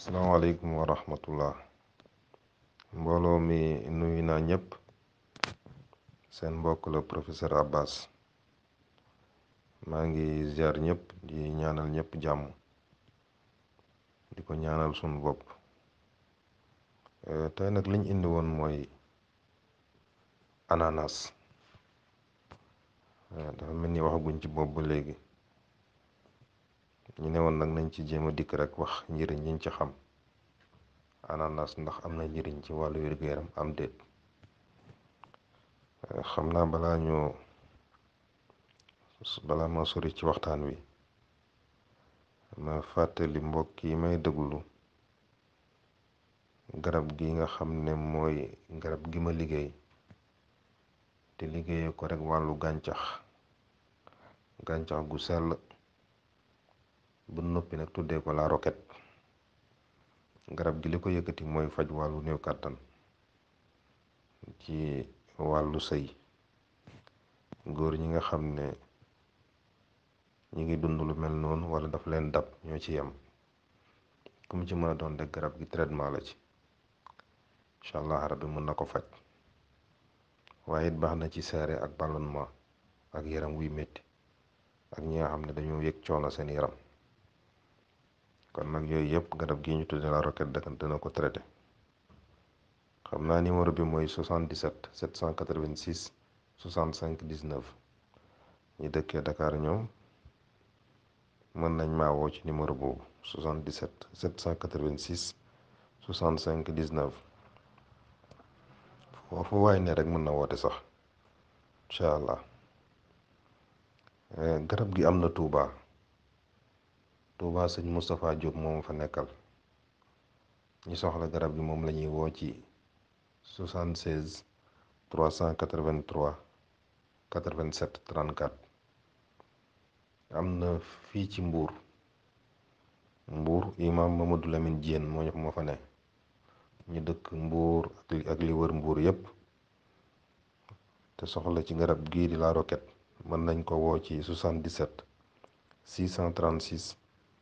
salaamaaleykum wa rahmatullah mbooloo mi nuyu naa ñëpp seen mbokk la professeur Abbas maa ngi ziar ñëpp di ñaanal ñëpp jàmm di ko ñaanal sunu bopp eh, tey nag liñ indi woon mooy ananas eh, dafa mel ni waxaguñ ci bopp ba léegi. ñu ne woon nag nañ ci jéem a dikk rek wax njëriñ yiñ ci xam ananas ndax am na njëriñ ci wàllu wér-gu-yaram am déet euh, xam naa balaa ñu balaa ma sori ci waxtaan wi ma fàttali mbokk yi may déglu garab gi nga xam ne mooy garab gi ma liggéey te liggéeyee ko rek wàllu gàncax gàncax gu sell bu noppi nag tuddee ko la roquette garab gi li ko yëkkati mooy faj wàllu néew kàttan ci wàllu sëy góor ñi nga xam ne ñi ngi dund lu mel noonu wala daf leen dab ñoo ci yem ku ci mën a doon de garab gi traitement la ci incha allah rabbi mën na ko faj waaye it baax na ci seere ak ballonnement ak yaram wuy metti ak ñi nga xam ne dañoo yëg coono seen yaram kon nag yooyu yëpp garab gi ñu tudde la roquette da ko traité xam naa numéro bi mooy 77 786 65 19 ñi dëkkee Dakar ñoom mën nañ maa woo ci numéro boobu 77 786 65 19 foofu waay ne rek mën na woote sax incha allah eh, garab gi am na Touba. Touba sëñ Moustapha Diop moom fa nekkal ñu soxla garab gi moom lañuy woo ci 76 383 87 34 am na fii ci mbuur Mbour imam Mamadou Lamine Diène moo ñu moo fa ne ñu dëkk Mbour ak li wër mbuur yépp te soxla ci garab gii di la roquette mën nañ ko woo ci 77 636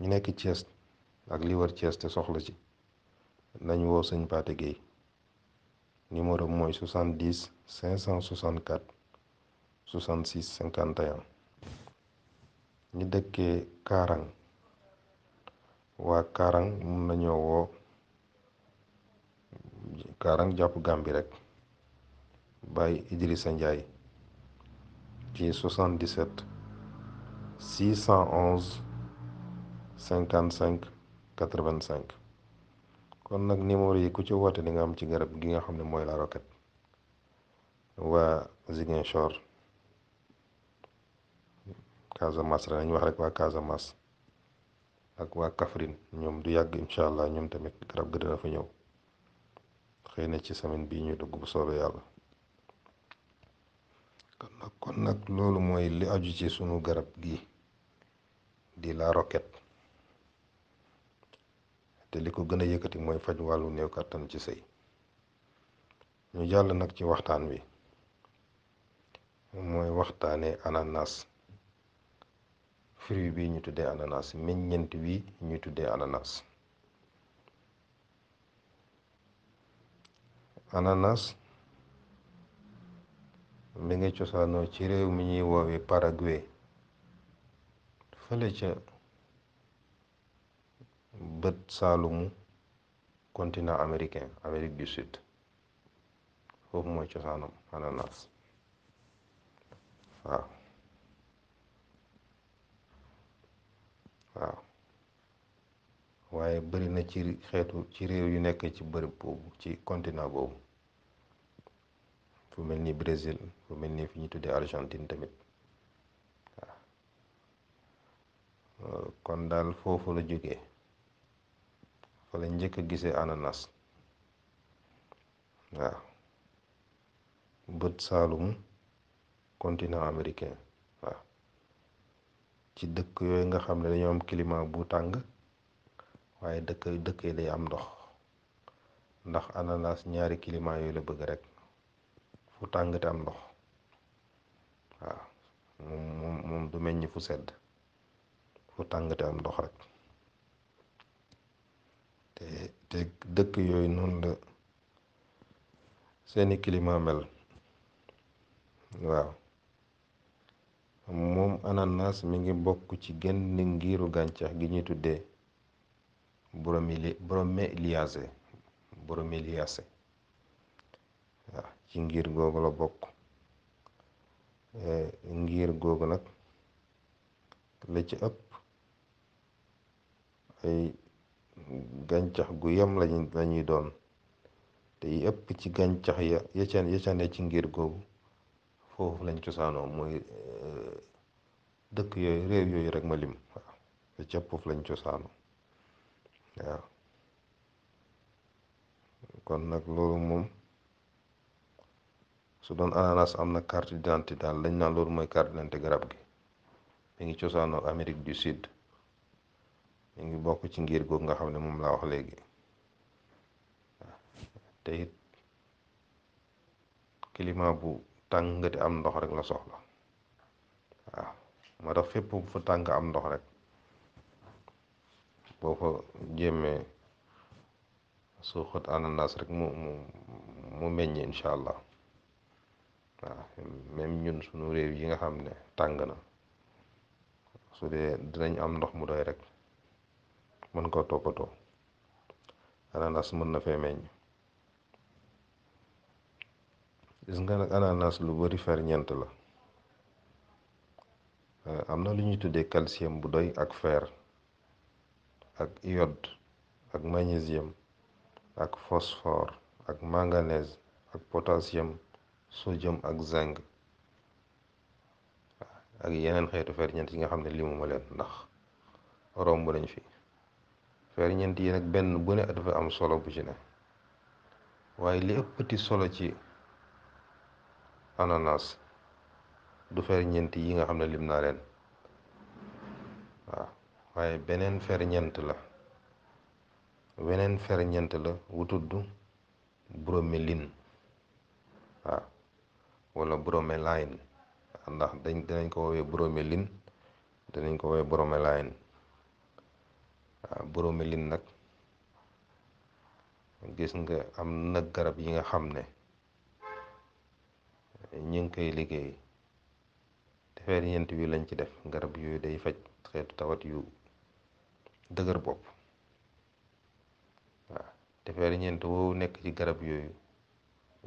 ñu nekk Thiès ak li wër Thiès te soxla ci nañ woo sëñ Pathé Gueye numéro bi mooy 70 564 66 51 ñu dëkkee Kaarang waa Kaarang mun nañoo woo Kaarang jàpp Gàmbi rek bàyyi Idrissa Ndiaye ci 77 611. cinquante cinq quatre vingt kon nag numéro yi ku ci woote di nga am ci garab gi nga xam ne mooy la roquette waa Ziguinchor Casamance rek nañ wax rek waa Casamance ak waa Kaffrine ñoom du yàgg incha allah ñoom tamit garab gi dina fa ñëw xëy na ci semaine bii ñuy dugg bu soobee yàlla kon nag kon nag loolu mooy li aju ci sunu garab gi di la roquette te li ko gën a yëkkati mooy faj wàllu néew kàttan ci sëy ñu jàll nag ci waxtaan wi mooy waxtaanee ananas fruit bi ñu tuddee ananas meññeent wi ñuy tuddee ananas ananas mi ngi cosaanoo ci réew mi ñuy woowee Paraguay fële bët saalumu continent américain Amérique du Sud foofu mooy cosaanam ananas waaw waaye bari na ci xeetu ci réew yu nekk ci bërëb boobu ci continent boobu fu mel ni Brésil fu mel ni fi ñu tuddee Argentine tamit waaw kon daal foofu la jógee fa njëkk a gisee ananas waaw bët saalum continent américain waaw ci dëkk yooyu nga xam ne dañoo am climat bu tàng waaye dëkk dëkk yi am ndox ndax ananas ñaari climat yooyu la bëgg rek fu tàng te am ndox waaw moom moom du meññ fu sedd fu tàng te am ndox rek. te dëkk yooyu noonu la seeni climat mel waaw moom ananaas mi ngi bokk ci genn ngiiru gàncax gi ñuy tuddee broméliacées broméliacées waaw ci ngir googu la bokk eh, ngir googu nag la ëpp gàncax gu yam lañu lañuy doon te yëpp ci gàncax ya yacaan yacaan ci ngir googu foofu lañ cosaanoo mooy eh, dëkk yooyu réew yooyu rek ma lim waaw te ca foofu lañ cosaano waaw kon nag loolu moom su doon ananas am na carte d'identité daal lañ naan loolu mooy carte d'identité garab gi mi ngi cosaanoo Amérique du Sud ñu ngi bokk ci ngir googu nga xam ne moom laa wax léegi te it bu tàng te am ndox rek la soxla waaw moo tax fépp fu tàng am ndox rek boo fa jéemee suuxat ananas rek mu mu mu meññ incha allah waaw même ñun sunu réew yi nga xam ne tàng na su dee dinañ am ndox mu doy rek. mën koo toppatoo ananas mën na fee meññ gis nga nag ananas lu bari ferñeent la eh, am na lu ñuy tuddee calcium bu doy ak fer ak iode ak magnésium ak phosphore ak manganèse ak potassium sodium ak zinc ak yeneen xeetu ferñeent yi nga xam ne limuma leen ndax romb nañ fi. weer ñeent yi nag benn bu ne am solo bu ci ne waaye li ëppati solo ci ananas du ñeent yi nga xam ne lim naa leen waaw waaye beneen ferñeent la weneen ferñeent la wu tudd broméline waaw wala broméline ndax dañ danañ ko woowee broméline danañ ko woowee broméline waaw ah, boroomi lim nag gis nga am nag garab yi nga xam ne ñu ngi koy liggéey defeer ñeent wi lañ ci def garab yooyu day faj xeetu tawat yu dëgër bopp waaw defeer ñeent woowu nekk ci garab yooyu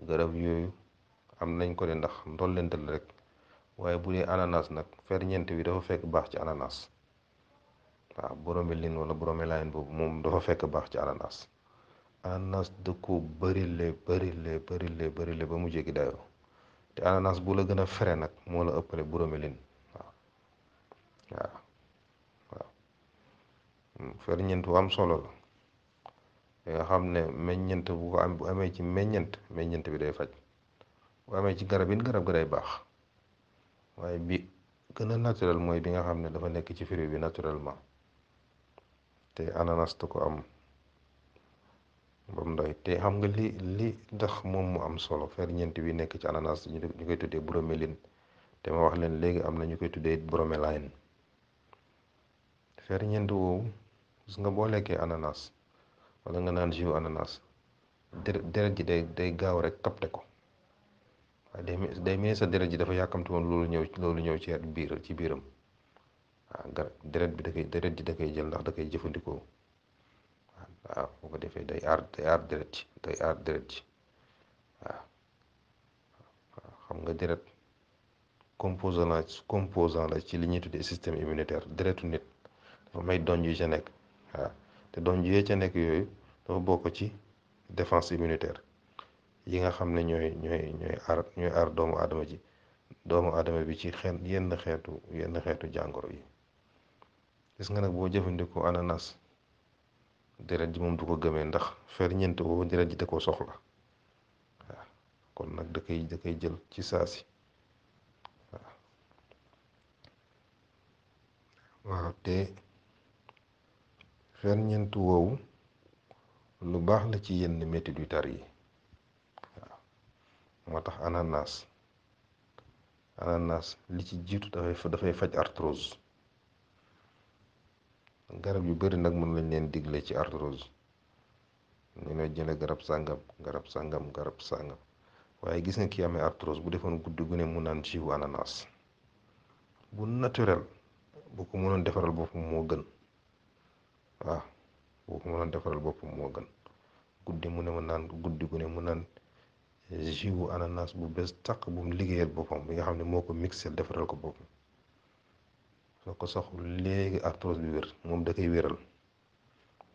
garab yooyu am nañ ko de ndax ndollental rek waaye bu dee ananas nag fer ñeent wi dafa fekk baax ci ananas waaw borome lin wala borome layin boobu moom dafa fekk baax ci ananas ananas da ko bërile bërile ba mu jéggi dayoo te ananas bu la gën a fere nag moo la ëppale borome lin waaw waaw waaw hmm, ferñeent bu am solo la nga xam ne meññeent bu ko am amee ci meññeent meññent bi day faj bu amee ci garab yi garab gi day baax waaye bi gën a naturel mooy bi nga xam ne dafa nekk ci fruit bi naturellement te ananas du ko am ba mu te xam nga li li ndax moom mu am solo ferñeent wii nekk ci ananas ñu koy tuddee broméline te ma wax leen léegi am na ñu koy tuddee broméline ferñeent woowu gis nga boo lekkee ananas wala nga naan jus ananas deret ji day day gaaw rek capté ko waaye day day a deret ji dafa yàkkamti woon loolu ñëw loolu ñëw ci biir ci biiram waaw gar deret bi da koy deret ji da koy jël ndax da koy jëfandikoo waaw boo ko defee day aar day aar ji day aar deret ji waaw xam nga dret composant la composant la ci li ñuy tuddee système immunitaire deretu nit dafa may donj yu ca nekk waaw te donj yi ca nekk yooyu dafa bokk ci défense immunitaire yi nga xam ne ñooy ñooy ñooy aar doomu aadama ji doomu aadama bi ci xeet yenn xeetu yenn xeetu jàngoro yi gis nga nag boo jëfandikoo ananas deret ji moom du ko gëmee ndax ferñeent boobu deret ji da koo soxla waaw kon nag da koy da jël ci saasi waaw waaw woowu lu baax la ci yenn metit yu tar yi waaw moo tax ananas ananas li ci jiitu dafay dafay faj arthrose garab yu bari nag mën lañ leen digle ci arthrose ñu ne jële garab sàngam garab sàngam garab sàngam waaye gis nga kii amee arthrose bu defoon guddi gu ne mu naan jus ananas bu naturel bu ko mënoon defaral boppam moo gën waaw bu defaral boppam moo gën guddi mu ne mu naan guddi gu ne mu naan jus ananas bu bees tàq bu mu liggéeyal boppam bi nga xam ne moo ko mixel defaral ko boppam. soo ko soxla léegi arthrose bi wér moom da koy wéral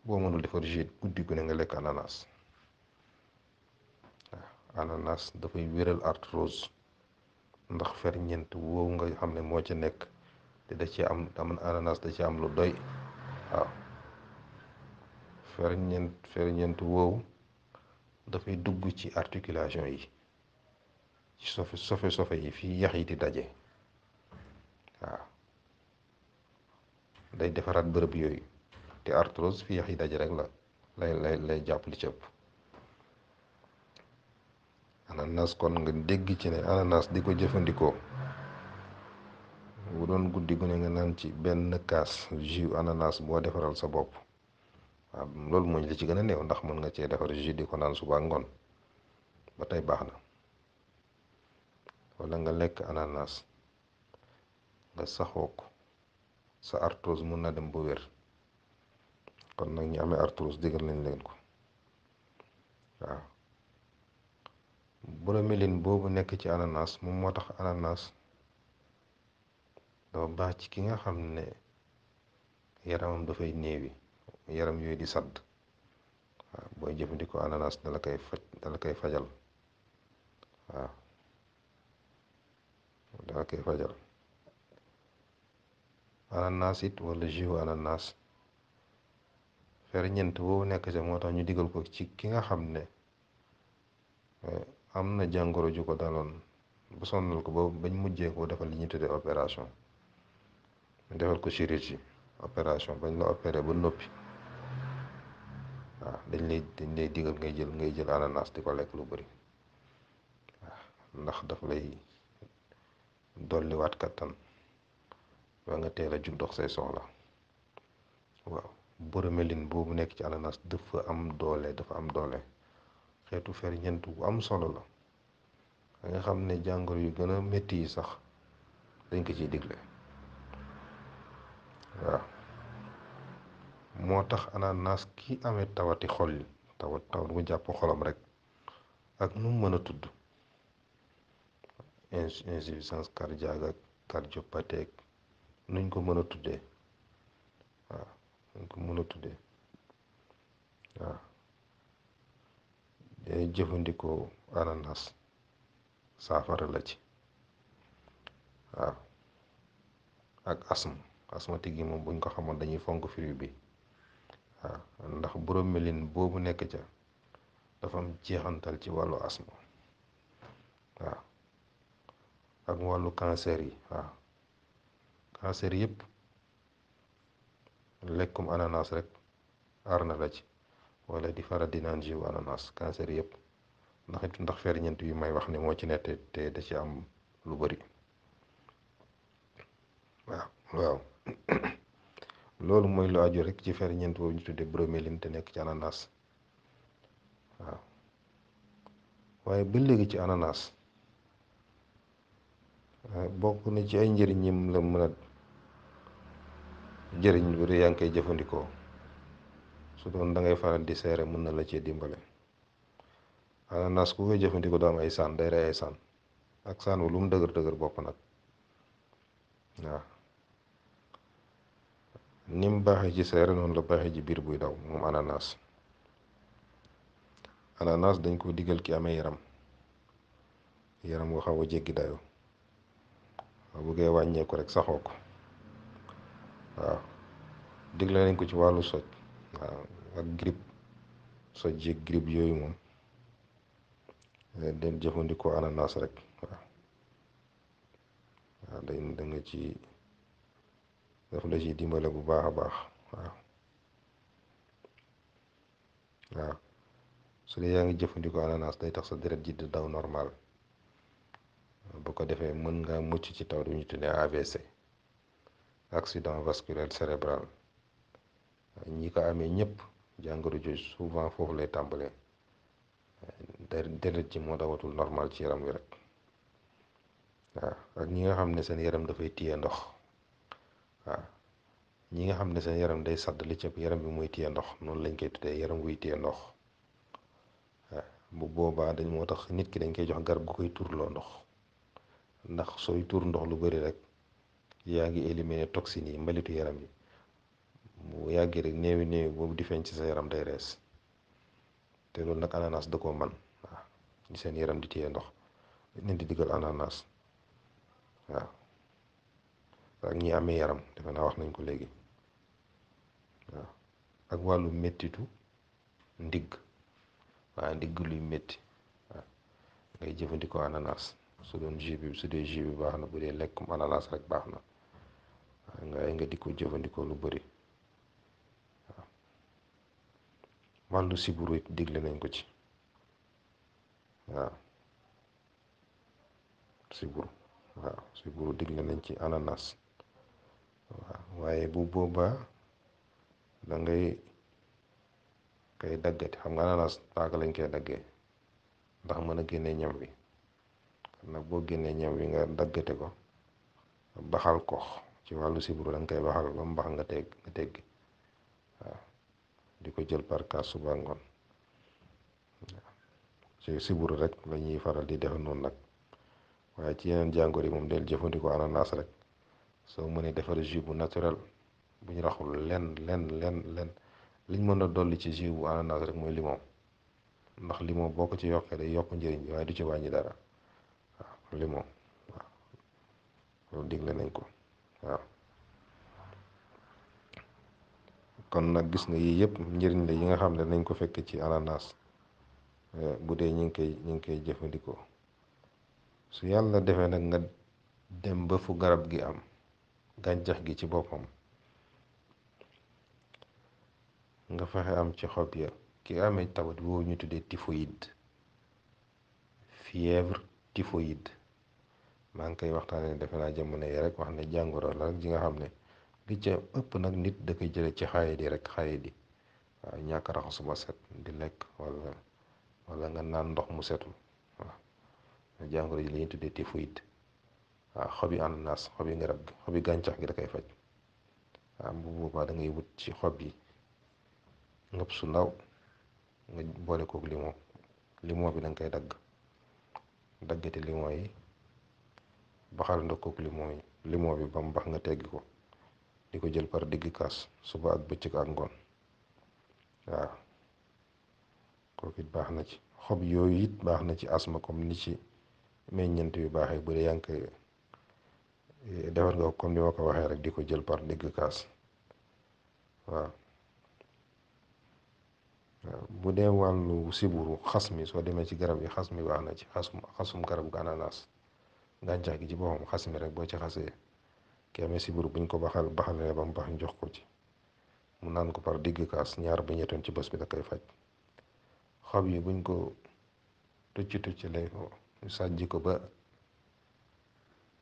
boo mënul defar jus guddi gu nga lekk ananas waaw ananas dafay wéral arthrose ndax ferñeent woowu nga xam ne moo ci nekk te da ci am am ananas da ci am lu doy waaw ferñeent woowu dafay dugg ci articulation yi ci sofe sofe sofe yi fii yax yi di daje waaw day defaraat bërëb yooyu te arthrose fi yax yi daje rek la lay lay lay jàpp li ci ananas kon nga dégg ci ne ananas di ko jëfandikoo bu doon guddi gu ne nga naan ci benn kaas jus ananas boo defaral sa bopp waaw loolu mooy li ci gën a néew ndax mën nga cee defar jus di ko naan suba ngoon ba tey baax na wala nga lekk ananas nga saxoo sa arthrose mun na dem ba wér kon nag ñi amee arthrose digal nañ leen ko waaw broméline boobu nekk ci ananas moom moo tax ananas dafa baax ci ki nga xam ne yaramam dafay néewi yaram yooyu di sadd waaw booy jëfandikoo ananas dala koy faj koy fajal waaw dala koy fajal ananas it wala jus ananas ñeent boobu nekk ca moo tax ñu digal ko ci ki nga xam ne eh, am na jàngoro ju ko daloon bu sonnal ko boobu bañ mujjee ko defal li ñu tuddee opération defal ko chirurgie opération bañ la opéré ba noppi waaw dañ lay dañ lay digal ngay jël ngay jël ananas di ko lekk lu bari ndax daf lay dolliwaat kattan. waa nga teel a jug dox say soxla waaw boromelin boobu nekk ci ananas dafa am doole dafa am doole xeetu ñeent bu am solo la nga xam ne jàngoro yu gën a métti yi sax dañ ko ci digle waaw moo tax ananas ki amee tawati xol yi tawat tawat mu jàpp xolom rek ak nu mën a tudd insuffisance cardiaque ak cardiopathie nuñ ko mën a tuddee waaw nuñ ko mën a tuddee waaw jëfandikoo ananas saafara la ci waaw ak asthme asthmatique yi moom buñ ko xamoon dañuy fonk fruit bi waaw ndax broméline boobu nekk ca dafa jeexantal ci wàllu asthme waaw ak wàllu cancer yi waaw cancer yëpp lekkum ananas rek aar na la ci wala di faral di naan jiwu ananas cancer yëpp ndax it ndax ñeent yu may wax ni moo ci ne te da ci am lu bari waaw waaw loolu mooy lu aju rek ci ferñeent boobu ñu tuddee broméline te nekk ci ananas waaw waaye ba léegi ci ananas eh, bokk na ci ay njëriñam la mën a jëriñ lu dee yaa ngi koy jëfandikoo su doon da ngay faral di seere mën na la cee dimbale ananas ku koy jëfandikoo daa am ay saan day rey ay saan ak saan wu lu mu dëgër dëgër bopp nag waaw ni mu baaxee ci seere noonu la baaxee ci biir buy daw moom ananas ananas dañ koo digal ki amee yaram yaram nga xaw a jéggi dayoo buggee wàññeeku rek saxoo ko waaw digle nañ ko ci wàllu soj waaw ak grippe soj ji grippe yooyu moom den jëfandikoo ananas rek waaw waaw nga ci daf la ci dimbale bu baax a baax waaw waaw su dee yaa ngi jëfandikoo ananas day tax sa deret ji di daw normal bu ko defee mën ngaa mucc ci taw du ñu tuddee AVC accident vasculaire cérébral euh, ñi ko amee ñëpp jàngoro jooju souvent foofu lay tàmbalee euh, deret ji moo dawatul normal ci yaram wi rek waaw ak ñi nga xam ne seen yaram dafay téye ndox waaw ñi nga xam ne seen yaram day sadd li cëpp yaram bi mooy téye ndox noonu lañ koy tuddee yaram wuy téye ndox waaw bu boobaa dañ moo tax nit ki dañ koy jox garab gu koy turloo ndox ndax sooy tur ndox lu bari rek yaa ngi éliminer toxines yi mbalitu yaram yi bu yàggee rek néewi néewi boobu di ci sa yaram day rees te loolu nag ananas da koo man waaw seen yaram di téye ndox di digal ananas waaw ñi amee yaram defe naa wax nañ ko léegi ak wàllu mettitu ndigg waaw ndigg luy metti waaw ngay jëfandikoo ananas su doon jus bi baax na bu dee lekkum ananas rek baax na waaye nga di ko jëfandikoo lu bari waaw wàllu siburu it digle nañ ko ci waaw siburu waaw siburu digle nañ ci ananas waaw waaye bu booba da ngay kay daggati xam nga ananas paaka lañ koy dagge ndax mën a génne ñam wi nag boo génnee ñam wi nga daggate ko baxal ko ci wàllu sibru da nga koy baxal ba mu nga teg nga teggi waaw di ko jël par kaas suba ngoon ci sibru rek la ñuy faral di defandoon nag waaye ci yeneen jàngoor yi moom del jëfandikoo ananas rek soo mënee defar jus bu naturel bu ñu raxul len len len len liñ mën a dolli ci jus bu ananas rek mooy limon ndax limon boo ko ci yokkee day yokk njëriñ waaye du ci wàññi dara waaw waaw loolu digle nañ ko waaw kon nag gis nga yii yëpp njëriñ la yi nga xam ne nañ ko fekk ci ananas eh, bu dee ñu ngi koy ñu ngi koy jëfandikoo su yàlla defee nag nga dem ba fu garab gi am gàncax gi ci boppam nga fexe am ci xob ya ki amee tawat woo ñu tuddee typhoïde fièvre typhoïde maa ngi koy waxtaanee defe naa jamono yi rek wax ne jàngoro la rek ji nga xam ne li ca ëpp nag nit da jële ci xaye di rek xaye di waaw raxasu ba set di lekk wala nga naan ndox mu setul waaw jàngoro ji la ñuy tuddee typhoïde waaw xobi ananas xobi garab gi xobi gàncax gi da koy faj waaw bu boobaa da ngay wut ci xob yi ngëp su ndaw nga boole kook limon limon bi da nga koy dagg daggati limon yi baxal ndokkook limon yi limon bi ba mu nga teggi ko di ko jël par digg kaas suba ak bëccëg ak ngon waaw kooku baax na ci xob yooyu it baax na ci asma comme ni ci meññeent yu baaxee bu dee yaa eh, defar nga comme ni ma ko waxee rek di ko jël par digg kaas waaw bu dee wàllu siburu xas mi soo demee ci garab yi xas mi baax na ci xasum xasum garabu ananas gàncax gi ci boppam xas mi rek boo ci xasee ki amee buñ ko baxal baxalee ba mu bax ñu jox ko ci mu naan ko par digg kaas ñaar ba ñettoon ci bés bi da kay faj xob yi buñ ko tucc tucc lay ko sàjji ko ba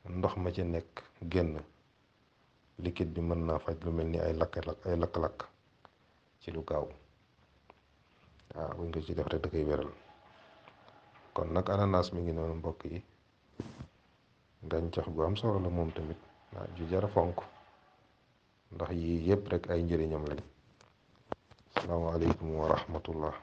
ndox ma ci nekk génn liquide bi mën naa faj lu mel ni ay lakk-lakk ay lakk-lakk ci lu gaaw waaw buñ ko ci def rek da koy wéral kon nag ananas mi ngi noonu mbokk yi gàncax gu am solo la moom tamit waaw ju jara fonk ndax yii yëpp rek ay njëriñam lañ asalaamaaleykum wa rahmatullah